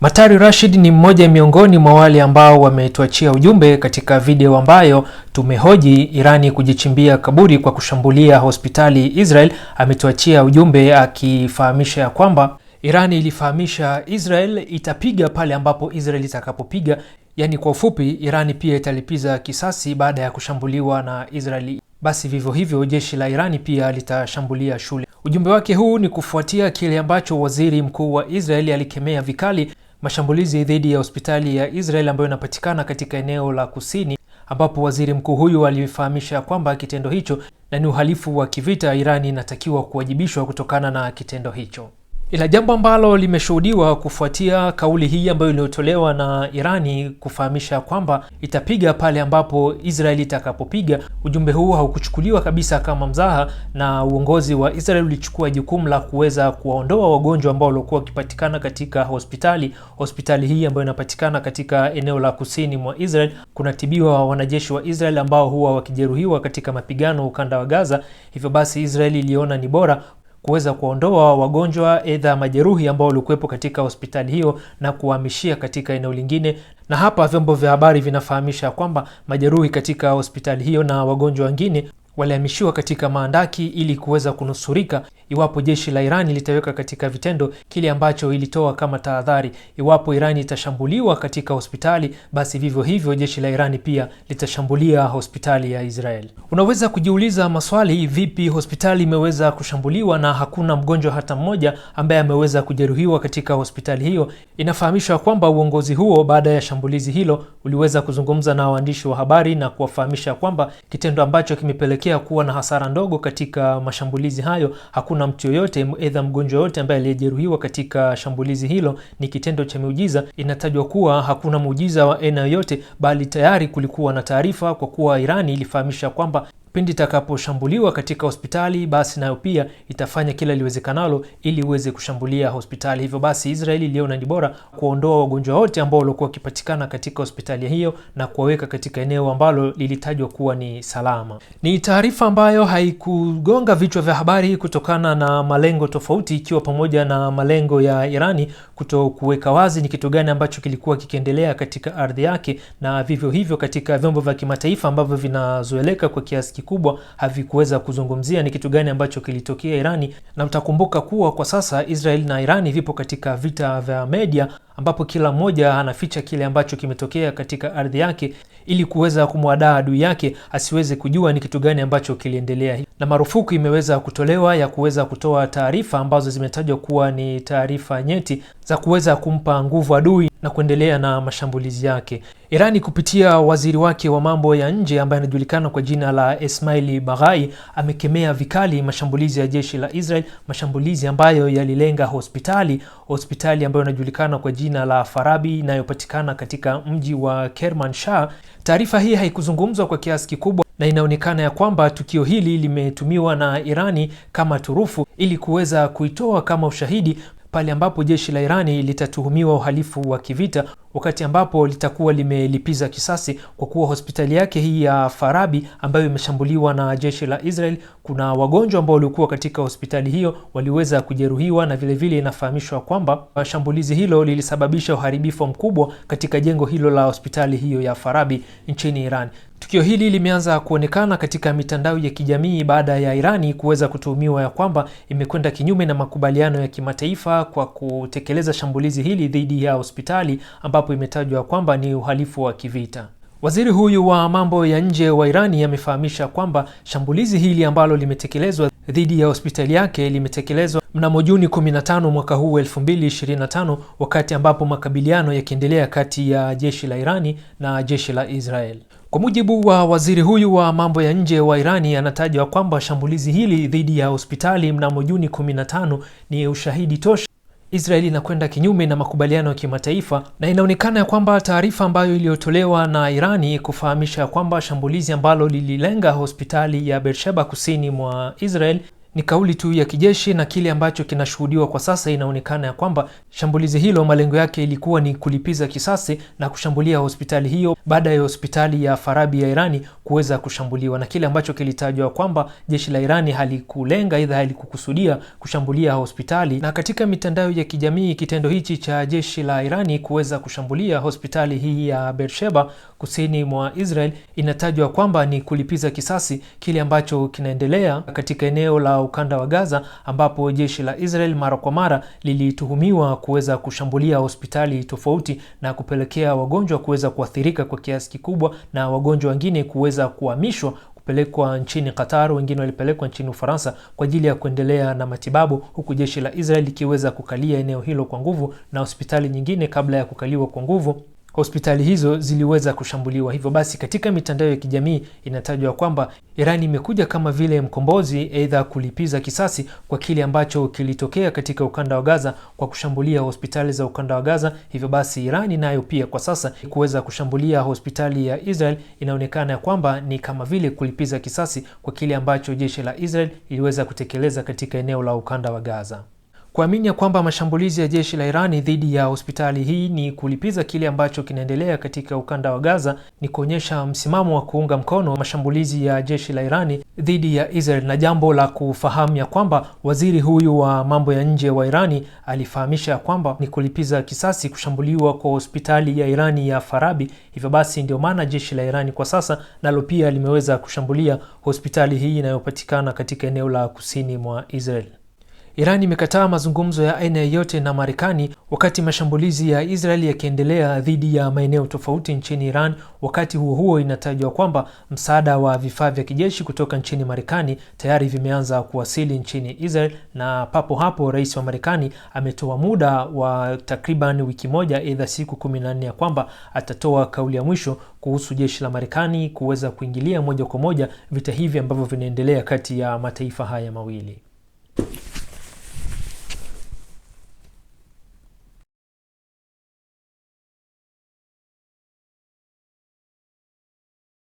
Matari Rashid ni mmoja miongoni mwa wale ambao wametuachia ujumbe katika video ambayo tumehoji Irani kujichimbia kaburi kwa kushambulia hospitali Israel. Ametuachia ujumbe akifahamisha ya kwamba Irani ilifahamisha Israel itapiga pale ambapo Israel itakapopiga, yaani kwa ufupi, Irani pia italipiza kisasi baada ya kushambuliwa na israel Basi vivyo hivyo jeshi la Irani pia litashambulia shule. Ujumbe wake huu ni kufuatia kile ambacho waziri mkuu wa israel alikemea vikali Mashambulizi dhidi ya hospitali ya Israel ambayo inapatikana katika eneo la kusini ambapo waziri mkuu huyu alifahamisha kwamba kitendo hicho na ni uhalifu wa kivita, Irani inatakiwa kuwajibishwa kutokana na kitendo hicho. Ila jambo ambalo limeshuhudiwa kufuatia kauli hii ambayo iliyotolewa na Irani kufahamisha kwamba itapiga pale ambapo Israeli itakapopiga, ujumbe huu haukuchukuliwa kabisa kama mzaha, na uongozi wa Israeli ulichukua jukumu la kuweza kuwaondoa wagonjwa ambao walikuwa wakipatikana katika hospitali. Hospitali hii ambayo inapatikana katika eneo la kusini mwa Israel, kunatibiwa wanajeshi wa Israel ambao huwa wakijeruhiwa katika mapigano ukanda wa Gaza. Hivyo basi Israeli iliona ni bora kuweza kuondoa wagonjwa edha majeruhi ambao walikuwepo katika hospitali hiyo na kuwahamishia katika eneo lingine. Na hapa vyombo vya habari vinafahamisha kwamba majeruhi katika hospitali hiyo na wagonjwa wengine walihamishiwa katika maandaki ili kuweza kunusurika iwapo jeshi la Irani litaweka katika vitendo kile ambacho ilitoa kama tahadhari. Iwapo Irani itashambuliwa katika hospitali, basi vivyo hivyo jeshi la Irani pia litashambulia hospitali ya Israel. Unaweza kujiuliza maswali, vipi hospitali imeweza kushambuliwa na hakuna mgonjwa hata mmoja ambaye ameweza kujeruhiwa katika hospitali hiyo? Inafahamishwa kwamba uongozi huo baada ya shambulizi hilo uliweza kuzungumza na waandishi wa habari na kuwafahamisha kwamba kitendo ambacho kimepele kupelekea kuwa na hasara ndogo katika mashambulizi hayo. Hakuna mtu yoyote edha mgonjwa yoyote ambaye aliyejeruhiwa katika shambulizi hilo. Ni kitendo cha miujiza. Inatajwa kuwa hakuna muujiza wa aina yoyote, bali tayari kulikuwa na taarifa, kwa kuwa Irani ilifahamisha kwamba pindi itakaposhambuliwa katika hospitali basi nayo pia itafanya kila liwezekanalo ili uweze kushambulia hospitali. Hivyo basi, Israeli iliona ni bora kuondoa wagonjwa wote ambao walikuwa wakipatikana katika hospitali hiyo na kuwaweka katika eneo ambalo lilitajwa kuwa ni salama. Ni taarifa ambayo haikugonga vichwa vya habari kutokana na malengo tofauti, ikiwa pamoja na malengo ya Irani kuto kuweka wazi ni kitu gani ambacho kilikuwa kikiendelea katika ardhi yake, na vivyo hivyo katika vyombo vya kimataifa ambavyo vinazoeleka kwa kiasi kikubwa havikuweza kuzungumzia ni kitu gani ambacho kilitokea Irani, na mtakumbuka kuwa kwa sasa Israel na Irani vipo katika vita vya media ambapo kila mmoja anaficha kile ambacho kimetokea katika ardhi yake ili kuweza kumwadaa adui yake asiweze kujua ni kitu gani ambacho kiliendelea, na marufuku imeweza kutolewa ya kuweza kutoa taarifa ambazo zimetajwa kuwa ni taarifa nyeti za kuweza kumpa nguvu adui na kuendelea na mashambulizi yake. Irani kupitia waziri wake wa mambo ya nje ambaye anajulikana kwa jina la Esmaili Baghai amekemea vikali mashambulizi ya jeshi la Israel, mashambulizi ambayo yalilenga hospitali, hospitali ambayo inajulikana kwa jina la Farabi inayopatikana katika mji wa Kermanshah. Taarifa hii haikuzungumzwa kwa kiasi kikubwa na inaonekana ya kwamba tukio hili limetumiwa na Irani kama turufu ili kuweza kuitoa kama ushahidi pale ambapo jeshi la Irani litatuhumiwa uhalifu wa kivita wakati ambapo litakuwa limelipiza kisasi kwa kuwa hospitali yake hii ya Farabi ambayo imeshambuliwa na jeshi la Israel, kuna wagonjwa ambao waliokuwa katika hospitali hiyo waliweza kujeruhiwa, na vilevile inafahamishwa kwamba shambulizi hilo lilisababisha uharibifu mkubwa katika jengo hilo la hospitali hiyo ya Farabi nchini Iran. Tukio hili limeanza kuonekana katika mitandao ya kijamii baada ya Irani kuweza kutuhumiwa ya kwamba imekwenda kinyume na makubaliano ya kimataifa kwa kutekeleza shambulizi hili dhidi ya hospitali ambapo ambapo imetajwa kwamba ni uhalifu wa kivita. Waziri huyu wa mambo ya nje wa Irani amefahamisha kwamba shambulizi hili ambalo limetekelezwa dhidi ya hospitali yake limetekelezwa mnamo Juni 15 mwaka huu 2025, wakati ambapo makabiliano yakiendelea kati ya jeshi la Irani na jeshi la Israel. Kwa mujibu wa waziri huyu wa mambo ya nje wa Irani, anatajwa kwamba shambulizi hili dhidi ya hospitali mnamo Juni 15 ni ushahidi tosha Israeli inakwenda kinyume na makubaliano ya kimataifa na inaonekana ya kwamba taarifa ambayo iliyotolewa na Irani kufahamisha kwamba shambulizi ambalo lililenga hospitali ya Beersheba kusini mwa Israel ni kauli tu ya kijeshi na kile ambacho kinashuhudiwa kwa sasa, inaonekana ya kwamba shambulizi hilo malengo yake ilikuwa ni kulipiza kisasi na kushambulia hospitali hiyo baada ya hospitali ya Farabi ya Irani kuweza kushambuliwa, na kile ambacho kilitajwa kwamba jeshi la Irani halikulenga idha halikukusudia kushambulia hospitali. Na katika mitandao ya kijamii, kitendo hichi cha jeshi la Irani kuweza kushambulia hospitali hii ya Beersheba kusini mwa Israel inatajwa kwamba ni kulipiza kisasi kile ambacho kinaendelea katika eneo la ukanda wa Gaza ambapo jeshi la Israel mara kwa mara lilituhumiwa kuweza kushambulia hospitali tofauti na kupelekea wagonjwa kuweza kuathirika kwa kiasi kikubwa na wagonjwa wengine kuweza kuhamishwa kupelekwa nchini Qatar, wengine walipelekwa nchini Ufaransa kwa ajili ya kuendelea na matibabu, huku jeshi la Israel likiweza kukalia eneo hilo kwa nguvu na hospitali nyingine kabla ya kukaliwa kwa nguvu hospitali hizo ziliweza kushambuliwa. Hivyo basi, katika mitandao ya kijamii inatajwa kwamba Iran imekuja kama vile mkombozi, aidha kulipiza kisasi kwa kile ambacho kilitokea katika ukanda wa Gaza kwa kushambulia hospitali za ukanda wa Gaza. Hivyo basi, iran nayo pia kwa sasa kuweza kushambulia hospitali ya Israel inaonekana kwamba ni kama vile kulipiza kisasi kwa kile ambacho jeshi la Israel iliweza kutekeleza katika eneo la ukanda wa Gaza kuamini ya kwamba mashambulizi ya jeshi la Irani dhidi ya hospitali hii ni kulipiza kile ambacho kinaendelea katika ukanda wa Gaza, ni kuonyesha msimamo wa kuunga mkono mashambulizi ya jeshi la Irani dhidi ya Israel, na jambo la kufahamu ya kwamba waziri huyu wa mambo ya nje wa Irani alifahamisha kwamba ni kulipiza kisasi kushambuliwa kwa hospitali ya Irani ya Farabi. Hivyo basi ndio maana jeshi la Irani kwa sasa nalo pia limeweza kushambulia hospitali hii inayopatikana katika eneo la kusini mwa Israel. Iran imekataa mazungumzo ya aina yeyote na Marekani wakati mashambulizi ya Israeli yakiendelea dhidi ya maeneo tofauti nchini Iran. Wakati huo huo, inatajwa kwamba msaada wa vifaa vya kijeshi kutoka nchini Marekani tayari vimeanza kuwasili nchini Israel, na papo hapo rais wa Marekani ametoa muda wa takriban wiki moja, aidha siku 14 ya kwamba atatoa kauli ya mwisho kuhusu jeshi la Marekani kuweza kuingilia moja kwa moja vita hivi ambavyo vinaendelea kati ya mataifa haya mawili.